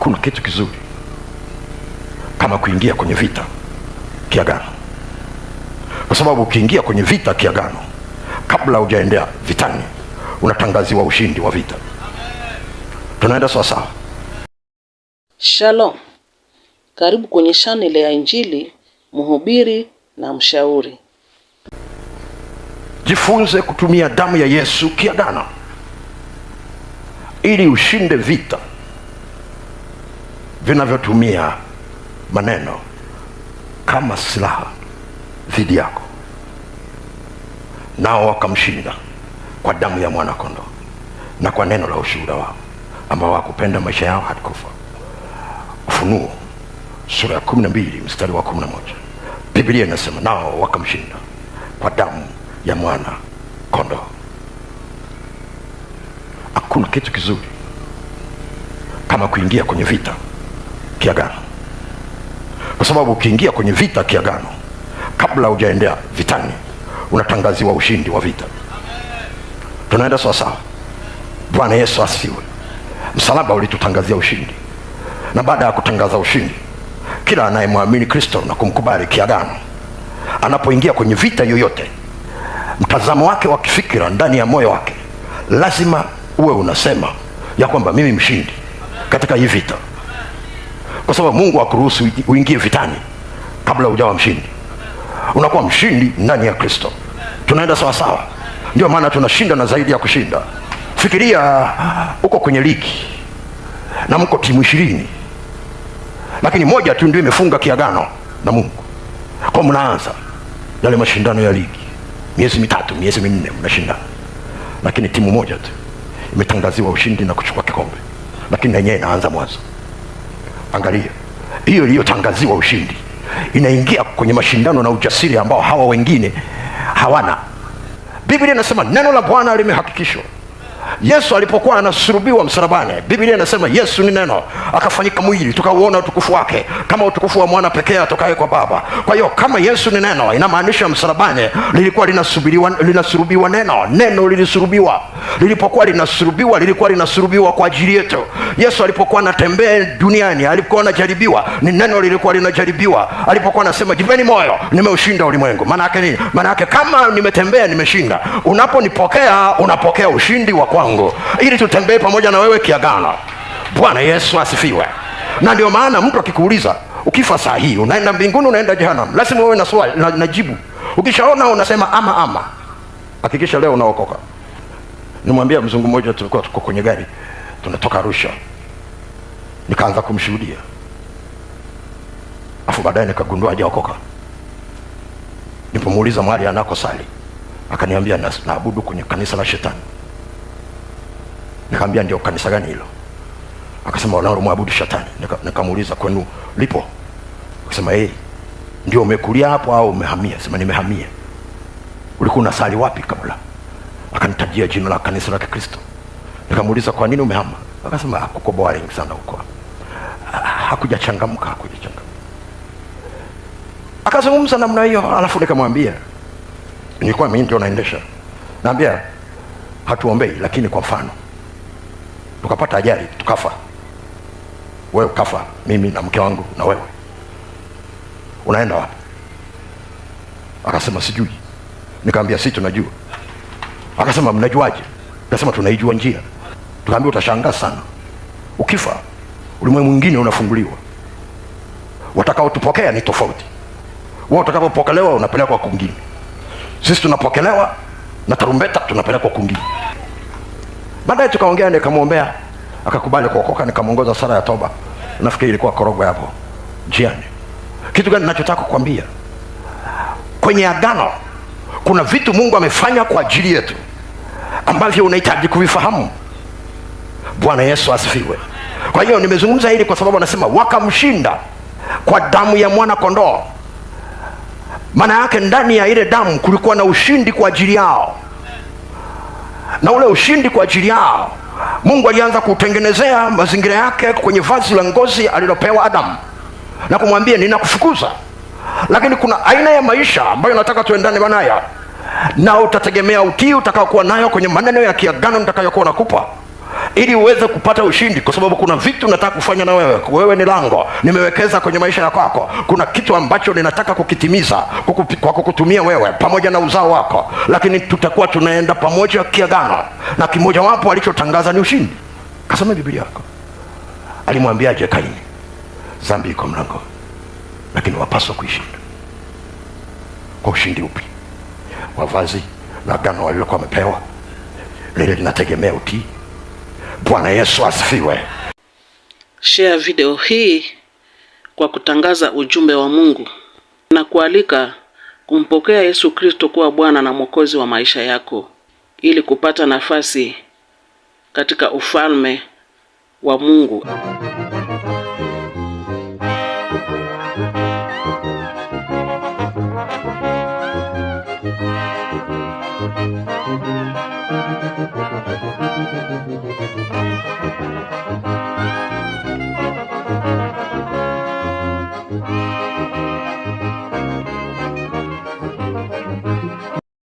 hakuna kitu kizuri kama kuingia kwenye vita kiagano, kwa sababu ukiingia kwenye vita kiagano, kabla hujaendea vitani, unatangaziwa ushindi wa vita. Tunaenda sawa sawa. Shalom, karibu kwenye chaneli ya Injili Mhubiri na Mshauri. Jifunze kutumia damu ya Yesu kiagano ili ushinde vita vinavyotumia maneno kama silaha dhidi yako, nao wakamshinda kwa damu ya mwana kondoo na kwa neno la ushuhuda wao, ambao wakupenda maisha yao hadi kufa. Ufunuo sura ya mbili mstari wa moja Biblia inasema nao wakamshinda kwa damu ya mwana kondoo. Hakuna kitu kizuri kama kuingia kwenye vita kiagano, kwa sababu ukiingia kwenye vita kiagano, kabla hujaendea vitani, unatangaziwa ushindi wa vita. Tunaenda sawa sawa Bwana Yesu asifiwe. Msalaba ulitutangazia ushindi, na baada ya kutangaza ushindi, kila anayemwamini Kristo na kumkubali kiagano, anapoingia kwenye vita yoyote, mtazamo wake wa kifikira ndani ya moyo wake lazima uwe unasema ya kwamba mimi mshindi katika hii vita anasema Mungu akuruhusu uingie vitani kabla hujawa mshindi. Unakuwa mshindi ndani ya Kristo. Tunaenda sawa sawa, ndio maana tunashinda na zaidi ya kushinda. Fikiria uko kwenye ligi na mko timu ishirini, lakini moja tu ndio imefunga kiagano na Mungu. Kwa mnaanza yale mashindano ya ligi, miezi mitatu, miezi minne mnashindana, lakini timu moja tu imetangaziwa ushindi na kuchukua kikombe, lakini yenyewe inaanza mwanzo. Angalia hiyo iliyotangaziwa ushindi inaingia kwenye mashindano na ujasiri ambao hawa wengine hawana. Biblia inasema neno la Bwana limehakikishwa. Yesu alipokuwa anasurubiwa msalabani, Biblia inasema Yesu ni neno akafanyika mwili, tukauona utukufu wake kama utukufu wa mwana pekee atokaye kwa Baba. Kwa hiyo kama Yesu ni neno, inamaanisha msalabani lilikuwa linasurubiwa neno, neno lilisurubiwa lilipokuwa linasurubiwa lilikuwa linasurubiwa kwa ajili yetu. Yesu alipokuwa anatembea duniani, alipokuwa anajaribiwa, ni neno lilikuwa linajaribiwa. Alipokuwa anasema jipeni moyo, nimeushinda ulimwengu, maana yake nini? Maana yake kama nimetembea, nimeshinda. Unaponipokea unapokea ushindi wa kwangu, ili tutembee pamoja na wewe kiagano. Bwana Yesu asifiwe. Na ndio maana mtu akikuuliza ukifa saa hii unaenda mbinguni, unaenda jehanamu, lazima uwe na swali na, na jibu. Ukishaona unasema ama ama, hakikisha leo unaokoka. Nimwambia mzungu mmoja, tulikuwa tuko kwenye gari tunatoka Arusha, nikaanza kumshuhudia, afu baadaye nikagundua hajaokoka. Nipomuuliza mahali sali, akaniambia naabudu kwenye kanisa la Shetani. Nikamwambia ndio kanisa gani hilo? Akasema wanalomwabudu Shetani. Nikamuuliza nika kwenu lipo? Akasema hey, eh, ndio umekulia hapo au umehamia? Sema nimehamia. Ulikuwa unasali wapi kabla? akanitajia jina la kanisa la Kikristo. Nikamuuliza, kwa nini umehama? Akasema kuko boring sana huko, hakujachangamka hakujachangamka. Akazungumza namna hiyo, alafu nikamwambia, nilikuwa mimi ndio naendesha, naambia hatuombei, lakini kwa mfano tukapata ajali tukafa, wewe ukafa, mimi na mke wangu na wewe, unaenda wapi? Akasema sijui. Nikamwambia si tunajua Akasema, mnajuaje? Akasema, tunaijua njia. Tukaambia, utashangaa sana, ukifa ulimwengu mwingine unafunguliwa, watakaotupokea ni tofauti. Wao utakapopokelewa unapelekwa kwingine, sisi tunapokelewa na tarumbeta, tunapelekwa kwingine. Baadaye tukaongea, nikamwombea akakubali kuokoka, nikamwongoza sala ya toba. Nafikiri ilikuwa Korogwe hapo njiani. Kitu gani ninachotaka kukwambia, kwenye agano kuna vitu Mungu amefanya kwa ajili yetu ambavyo unahitaji kuvifahamu. Bwana Yesu asifiwe. Kwa hiyo nimezungumza hili kwa sababu anasema wakamshinda kwa damu ya mwana kondoo. Maana yake ndani ya ile damu kulikuwa na ushindi kwa ajili yao, na ule ushindi kwa ajili yao Mungu alianza kutengenezea mazingira yake kwenye vazi la ngozi alilopewa Adamu na kumwambia ninakufukuza, lakini kuna aina ya maisha ambayo nataka tuendane nayo na utategemea utii utakaokuwa nayo kwenye maneno ya kiagano nitakayokuwa nakupa ili uweze kupata ushindi, kwa sababu kuna vitu nataka kufanya na wewe. Wewe ni lango nimewekeza kwenye maisha ya kwako. Kuna kitu ambacho ninataka kukitimiza kukupi, kwa kukutumia wewe pamoja na uzao wako, lakini tutakuwa tunaenda pamoja kiagano, na kimojawapo alichotangaza ni ushindi. Kasome Biblia yako, alimwambiaje Kaini? Dhambi iko mlango, lakini wapaswa kuishinda. Kwa ushindi upi? mavazi na agano waliokuwa wamepewa, lile linategemea utii. Bwana Yesu asifiwe. Share video hii kwa kutangaza ujumbe wa Mungu na kualika kumpokea Yesu Kristo kuwa Bwana na Mwokozi wa maisha yako ili kupata nafasi katika ufalme wa Mungu. Thank you.